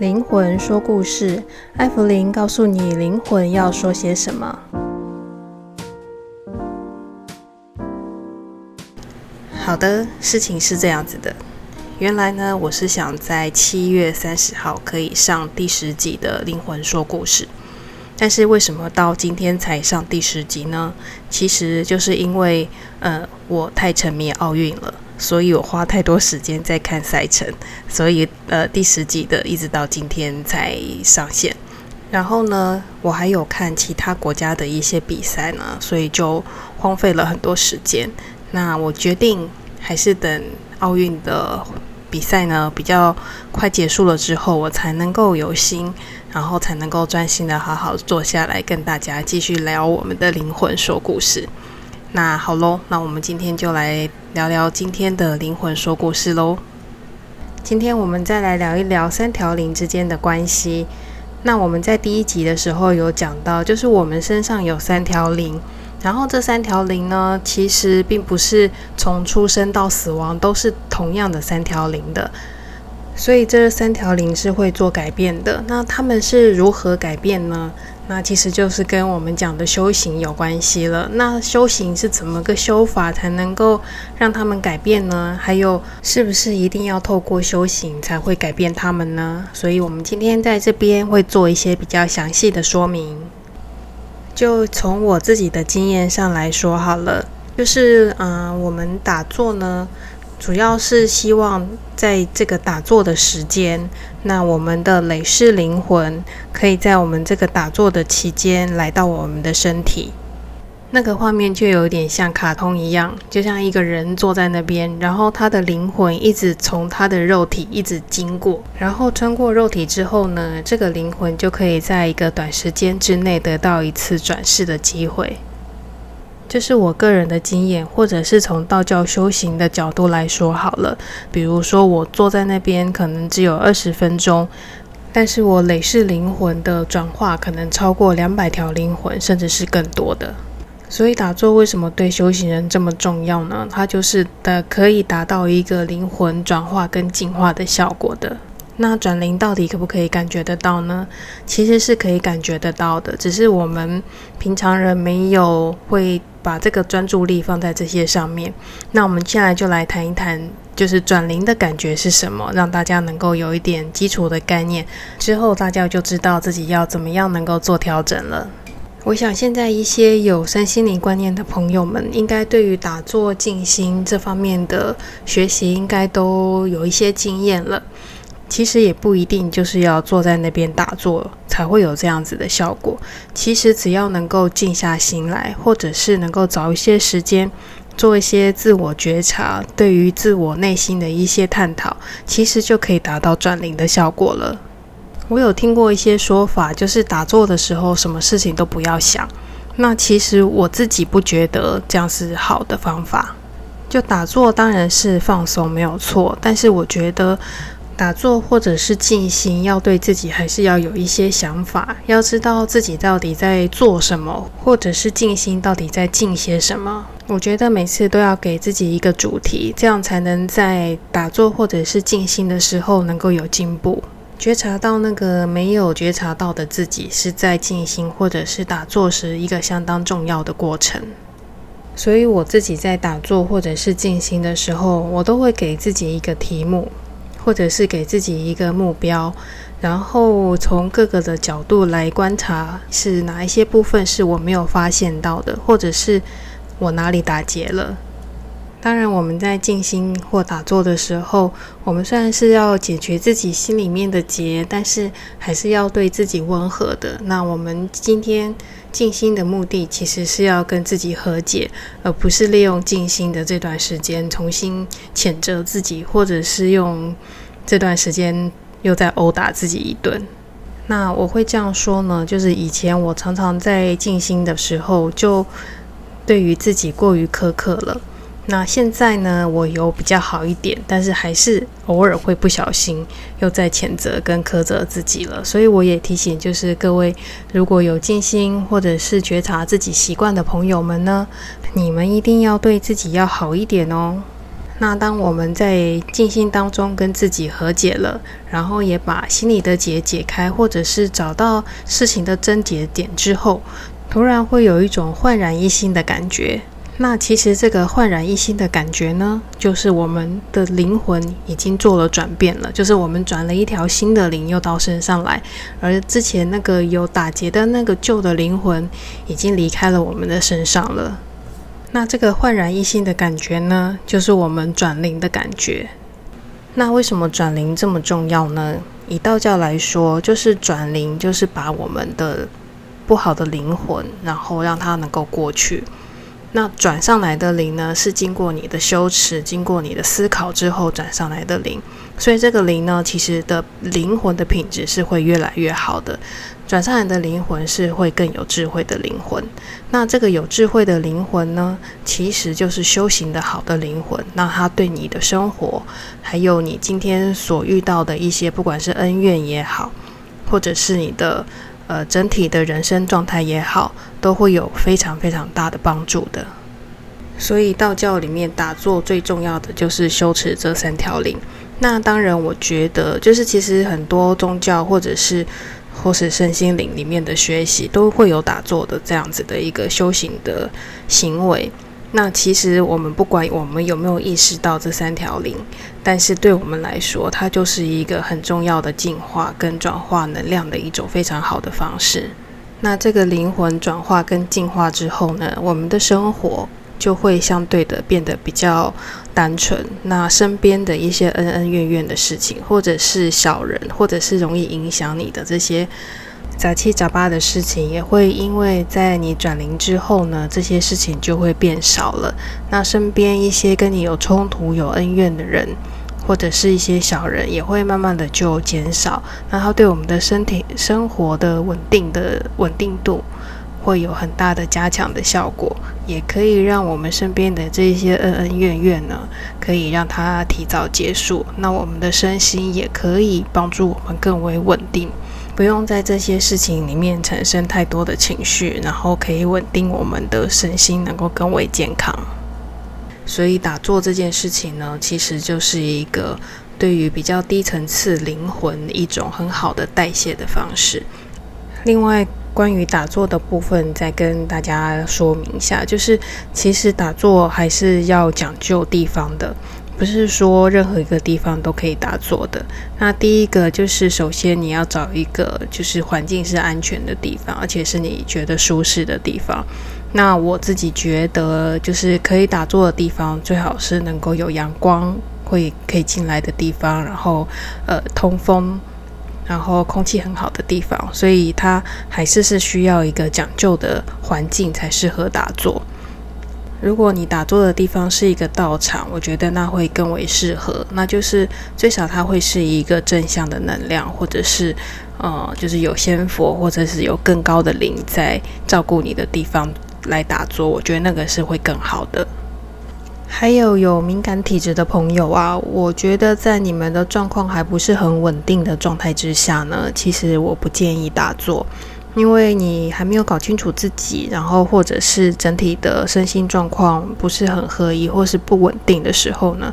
靈魂說故事，艾芙靈告訴你靈魂要說些什麼。好的，事情是這樣子的，原來呢，我是想在七月三十號可以上第十集的《靈魂說故事》。但是為什麼到今天才上第十集呢？其實就是因為，呃，我太沉迷奧運了，所以我花太多時間在看賽程，所以呃，第十集的一直到今天才上線。然後呢，我還有看其他國家的一些比賽呢，所以就荒廢了很多時間。那我決定還是等奧運的比賽呢，比較快結束了之後，我才能夠有心。然後才能夠專心的好好坐下來跟大家繼續聊我們的靈魂說故事。那好嘍，那我們今天就來聊聊今天的靈魂說故事嘍。今天我們再來聊一聊三條靈之間的關係。那我們在第一集的時候有講到，就是我們身上有三條靈，然後這三條靈呢，其實並不是從出生到死亡都是同樣的三條靈的。所以這三條靈是會做改變的，那他們是如何改變呢？那其實就是跟我們講的修行有關係了。那修行是怎麼個修法才能夠讓他們改變呢？還有是不是一定要透過修行才會改變他們呢？所以我們今天在這邊會做一些比較詳細的說明，就從我自己的經驗上來說好了，就是嗯、呃，我們打坐呢。主要是希望在這個打坐的時間，那我們的累世靈魂可以在我們這個打坐的期間來到我們的身體。那個畫面就有點像卡通一樣，就像一個人坐在那邊，然後他的靈魂一直從他的肉體一直經過，然後穿過肉體之後呢，這個靈魂就可以在一個短時間之內得到一次轉世的機會。這是我個人的經驗，或者是從道教修行的角度來說好了。比如說，我坐在那邊可能只有二十分鐘，但是我累世靈魂的轉化可能超過兩百條靈魂，甚至是更多的。所以，打坐為什麼對修行人這麼重要呢？它就是的，可以達到一個靈魂轉化跟進化的效果的。那轉靈到底可不可以感覺得到呢？其實是可以感覺得到的，只是我們平常人沒有會把這個專注力放在這些上面。那我們接下來就來談一談，就是轉靈的感覺是什麼，讓大家能夠有一點基礎的概念。之後大家就知道自己要怎麼樣能夠做調整了。我想現在一些有身心靈觀念的朋友們，應該對於打坐、靜心這方面的學習，應該都有一些經驗了。其實也不一定就是要坐在那邊打坐才會有這樣子的效果。其實只要能夠靜下心來，或者是能夠找一些時間做一些自我覺察，對於自我內心的一些探討，其實就可以達到轉靈的效果了。我有聽過一些說法，就是打坐的時候什麼事情都不要想。那其實我自己不覺得這樣是好的方法。就打坐當然是放鬆沒有錯，但是我覺得。打坐或者是靜心，要對自己還是要有一些想法，要知道自己到底在做什麼，或者是靜心到底在靜些什麼。我覺得每次都要給自己一個主題，這樣才能在打坐或者是靜心的時候能夠有進步。覺察到那個沒有覺察到的自己，是在靜心或者是打坐時一個相當重要的過程。所以我自己在打坐或者是靜心的時候，我都會給自己一個題目。或者是給自己一個目標，然後從各個的角度來觀察，是哪一些部分是我沒有發現到的，或者是我哪裡打結了。當然，我們在靜心或打坐的時候，我們雖然是要解決自己心裡面的結，但是還是要對自己溫和的。那我們今天靜心的目的，其實是要跟自己和解，而不是利用靜心的這段時間重新譴責自己，或者是用。這段時間又在毆打自己一頓，那我會這樣說呢，就是以前我常常在靜心的時候就對於自己過於苛刻了，那現在呢，我有比較好一點，但是還是偶爾會不小心又在譴責跟苛責自己了，所以我也提醒，就是各位如果有靜心或者是覺察自己習慣的朋友們呢，你們一定要對自己要好一點哦。那當我們在靜心當中跟自己和解了，然後也把心裡的結解、解開，或者是找到事情的症結點之後，突然會有一種煥然一新的感覺。那其實這個煥然一新的感覺呢，就是我們的靈魂已經做了轉變了，就是我們轉了一條新的靈又到身上來，而之前那個有打結的那個舊的靈魂已經離開了我們的身上了。那這個煥然一新的感覺呢，就是我們轉靈的感覺。那為什麼轉靈這麼重要呢？以道教來說，就是轉靈就是把我們的不好的靈魂，然後讓它能夠過去。那轉上來的靈呢，是經過你的修持，經過你的思考之後轉上來的靈。所以這個靈呢，其實的靈魂的品質是會越來越好的。轉上來的靈魂是會更有智慧的靈魂，那這個有智慧的靈魂呢，其實就是修行的好的靈魂。那它對你的生活，還有你今天所遇到的一些，不管是恩怨也好，或者是你的呃整體的人生狀態也好，都會有非常非常大的幫助的。所以道教裡面打坐最重要的就是修持這三條靈。那當然，我覺得就是其實很多宗教或者是或是身心靈裡面的學習，都會有打坐的這樣子的一個修行的行為。那其實我們不管我們有沒有意識到這三條靈，但是對我們來說，它就是一個很重要的進化跟轉化能量的一種非常好的方式。那這個靈魂轉化跟進化之後呢，我們的生活。就會相對的變得比較單純。那身邊的一些恩恩怨怨的事情，或者是小人，或者是容易影響你的這些雜七雜八的事情，也會因為在你轉靈之後呢，這些事情就會變少了。那身邊一些跟你有衝突、有恩怨的人，或者是一些小人，也會慢慢的就減少。那它對我們的身體、生活的穩定的穩定度，會有很大的加強的效果。也可以讓我們身邊的這些恩恩怨怨呢，可以讓它提早結束。那我們的身心也可以幫助我們更為穩定，不用在這些事情裡面產生太多的情緒，然後可以穩定我們的身心，能夠更為健康。所以打坐這件事情呢，其實就是一個對於比較低層次靈魂一種很好的代謝的方式。另外，關於打坐的部分，再跟大家說明一下，就是其實打坐還是要講究地方的，不是說任何一個地方都可以打坐的。那第一個就是，首先你要找一個就是環境是安全的地方，而且是你覺得舒適的地方。那我自己覺得，就是可以打坐的地方，最好是能夠有陽光會可以進來的地方，然後呃通風。然後空氣很好的地方，所以它還是是需要一個講究的環境才適合打坐。如果你打坐的地方是一個道場，我覺得那會更為適合。那就是最少它會是一個正向的能量，或者是呃，就是有仙佛或者是有更高的靈在照顧你的地方來打坐，我覺得那個是會更好的。還有有敏感體質的朋友啊，我覺得在你們的狀況還不是很穩定的狀態之下呢，其實我不建議打坐，因為你還沒有搞清楚自己，然後或者是整體的身心狀況不是很合一或是不穩定的時候呢，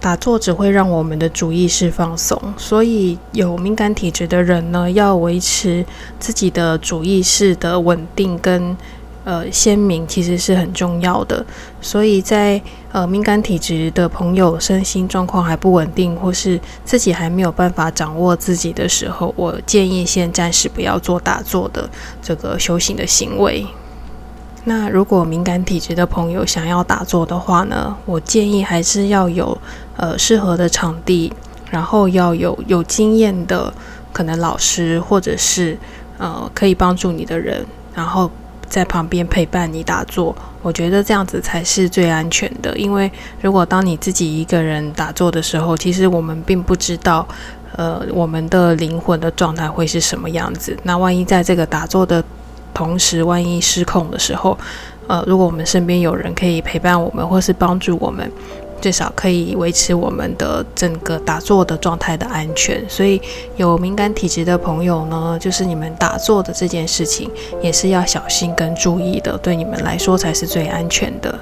打坐只會讓我們的主意識放鬆，所以有敏感體質的人呢，要維持自己的主意識的穩定跟。呃，鮮明其實是很重要的，所以在呃敏感體質的朋友身心狀況還不穩定，或是自己還沒有辦法掌握自己的時候，我建議先暫時不要做打坐的這個修行的行為。那如果敏感體質的朋友想要打坐的話呢，我建議還是要有呃適合的場地，然後要有有經驗的可能老師或者是呃可以幫助你的人，然後。在旁邊陪伴你打坐，我覺得這樣子才是最安全的。因為如果當你自己一個人打坐的時候，其實我們並不知道，呃，我們的靈魂的狀態會是什麼樣子。那萬一在這個打坐的同時，萬一失控的時候，呃，如果我們身邊有人可以陪伴我們，或是幫助我們。最少可以維持我們的整個打坐的狀態的安全，所以有敏感體質的朋友呢，就是你們打坐的這件事情也是要小心跟注意的，對你們來說才是最安全的。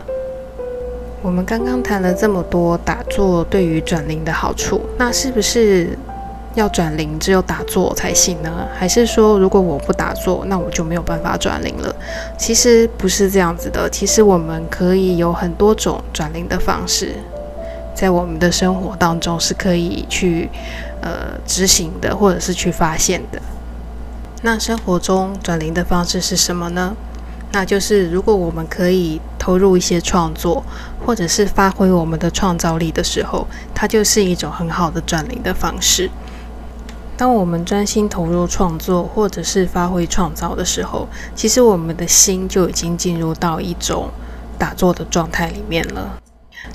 我們剛剛談了這麼多打坐對於轉靈的好處，那是不是？要轉靈，只有打坐才行呢？還是說，如果我不打坐，那我就沒有辦法轉靈了？其實不是這樣子的。其實我們可以有很多種轉靈的方式，在我們的生活當中是可以去呃執行的，或者是去發現的。那生活中轉靈的方式是什麼呢？那就是如果我們可以投入一些創作，或者是發揮我們的創造力的時候，它就是一種很好的轉靈的方式。當我們專心投入創作，或者是發揮創造的時候，其實我們的心就已經進入到一種打坐的狀態裡面了。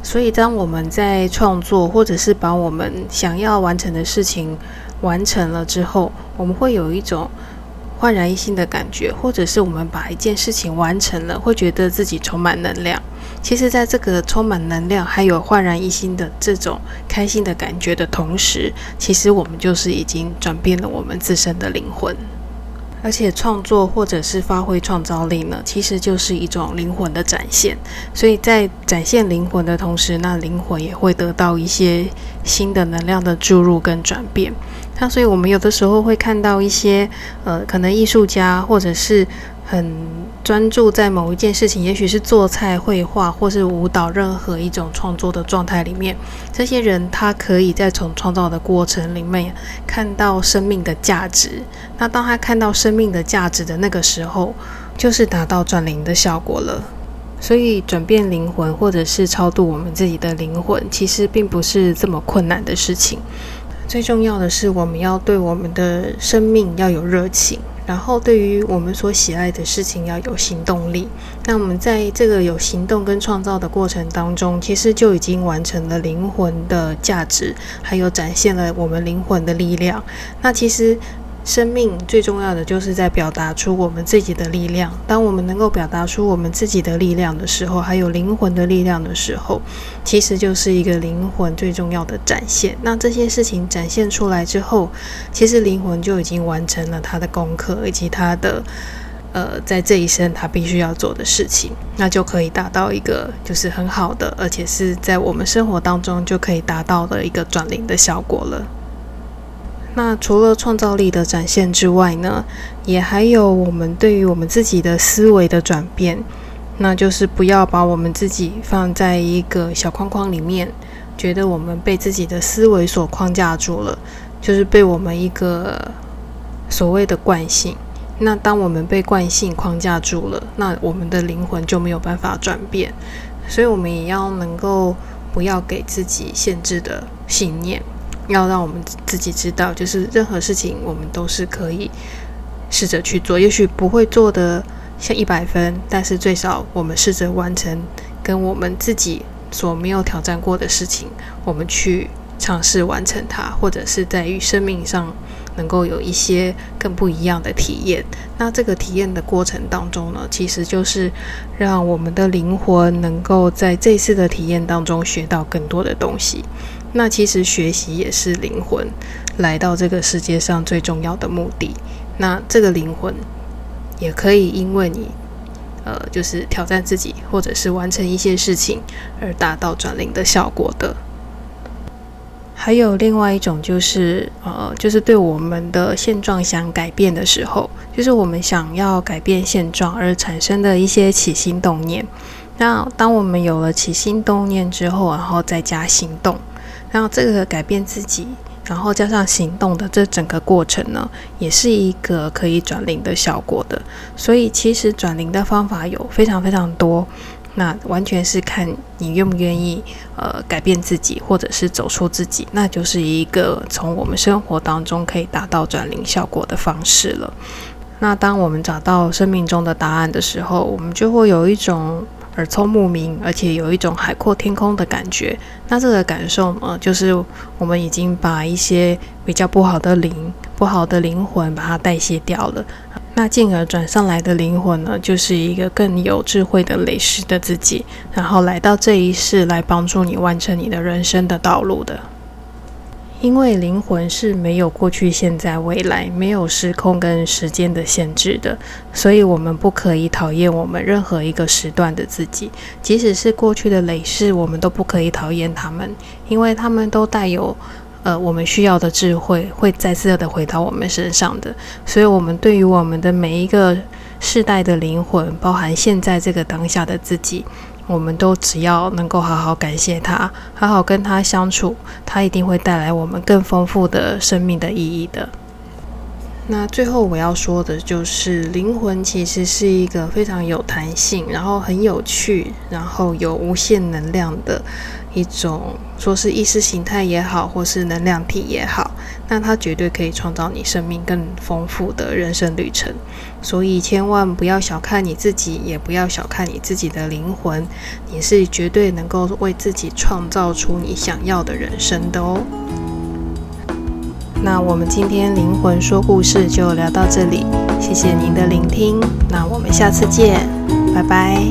所以，當我們在創作，或者是把我們想要完成的事情完成了之後，我們會有一種。煥然一新的感覺，或者是我們把一件事情完成了，會覺得自己充滿能量。其實，在這個充滿能量還有煥然一新的這種開心的感覺的同時，其實我們就是已經轉變了我們自身的靈魂。而且創作或者是發揮創造力呢，其實就是一種靈魂的展現。所以在展現靈魂的同時，那靈魂也會得到一些新的能量的注入跟轉變。那所以我們有的時候會看到一些，呃，可能藝術家或者是。很專注在某一件事情，也許是做菜、繪畫或是舞蹈，任何一種創作的狀態裡面，這些人他可以在從創造的過程裡面看到生命的價值。那當他看到生命的價值的那個時候，就是達到轉靈的效果了。所以轉變靈魂或者是超度我們自己的靈魂，其實並不是這麼困難的事情。最重要的是，我們要對我們的生命要有熱情。然後，對於我們所喜愛的事情，要有行動力。那我們在這個有行動跟創造的過程當中，其實就已經完成了靈魂的價值，還有展現了我們靈魂的力量。那其實。生命最重要的就是在表達出我們自己的力量。當我們能夠表達出我們自己的力量的時候，還有靈魂的力量的時候，其實就是一個靈魂最重要的展現。那這些事情展現出來之後，其實靈魂就已經完成了它的功課，以及它的呃，在這一生它必須要做的事情。那就可以達到一個就是很好的，而且是在我們生活當中就可以達到的一個轉靈的效果了。那除了創造力的展現之外呢，也還有我們對於我們自己的思維的轉變，那就是不要把我們自己放在一個小框框裡面，覺得我們被自己的思維所框架住了，就是被我們一個所謂的慣性。那當我們被慣性框架住了，那我們的靈魂就沒有辦法轉變，所以我們也要能夠不要給自己限制的信念。要讓我們自己知道，就是任何事情我們都是可以試着去做，也許不會做的像一百分，但是最少我們試着完成跟我們自己所沒有挑戰過的事情，我們去嘗試完成它，或者是在於生命上能夠有一些更不一樣的體驗。那這個體驗的過程當中呢，其實就是讓我們的靈魂能夠在這次的體驗當中學到更多的東西。那其實學習也是靈魂來到這個世界上最重要的目的。那這個靈魂也可以因為你，呃，就是挑戰自己，或者是完成一些事情，而達到轉靈的效果的。還有另外一種就是，呃，就是對我們的現狀想改變的時候，就是我們想要改變現狀而產生的一些起心動念。那當我們有了起心動念之後，然後再加行動。那這個改變自己，然後加上行動的這整個過程呢，也是一個可以轉靈的效果的。所以其實轉靈的方法有非常非常多，那完全是看你願不願意，呃，改變自己，或者是走出自己，那就是一個從我們生活當中可以達到轉靈效果的方式了。那當我們找到生命中的答案的時候，我們就會有一種，耳聰目明，而且有一種海闊天空的感覺。那這個感受呢，就是我們已經把一些比較不好的靈、不好的靈魂，把它代謝掉了。那進而轉上來的靈魂呢，就是一個更有智慧的累世的自己，然後來到這一世來幫助你完成你的人生的道路的。因為靈魂是沒有過去、現在、未來，沒有時空跟時間的限制的，所以我們不可以討厭我們任何一個時段的自己，即使是過去的累世，我們都不可以討厭他們，因為他們都帶有呃我們需要的智慧，會再次的回到我們身上的。所以，我們對於我們的每一個世代的靈魂，包含現在這個當下的自己。我們都只要能夠好好感謝他，好好跟他相處，他一定會帶來我們更豐富的生命的意義的。那最後我要說的就是靈魂其實是一個非常有彈性，然後很有趣，然後有無限能量的，一種說是意識形態也好，或是能量體也好，那它絕對可以創造你生命更豐富的人生旅程。所以千萬不要小看你自己，也不要小看你自己的靈魂，你是絕對能夠為自己創造出你想要的人生的哦。那我們今天靈魂說故事就聊到這裡，謝謝您的聆聽，那我們下次見，拜拜。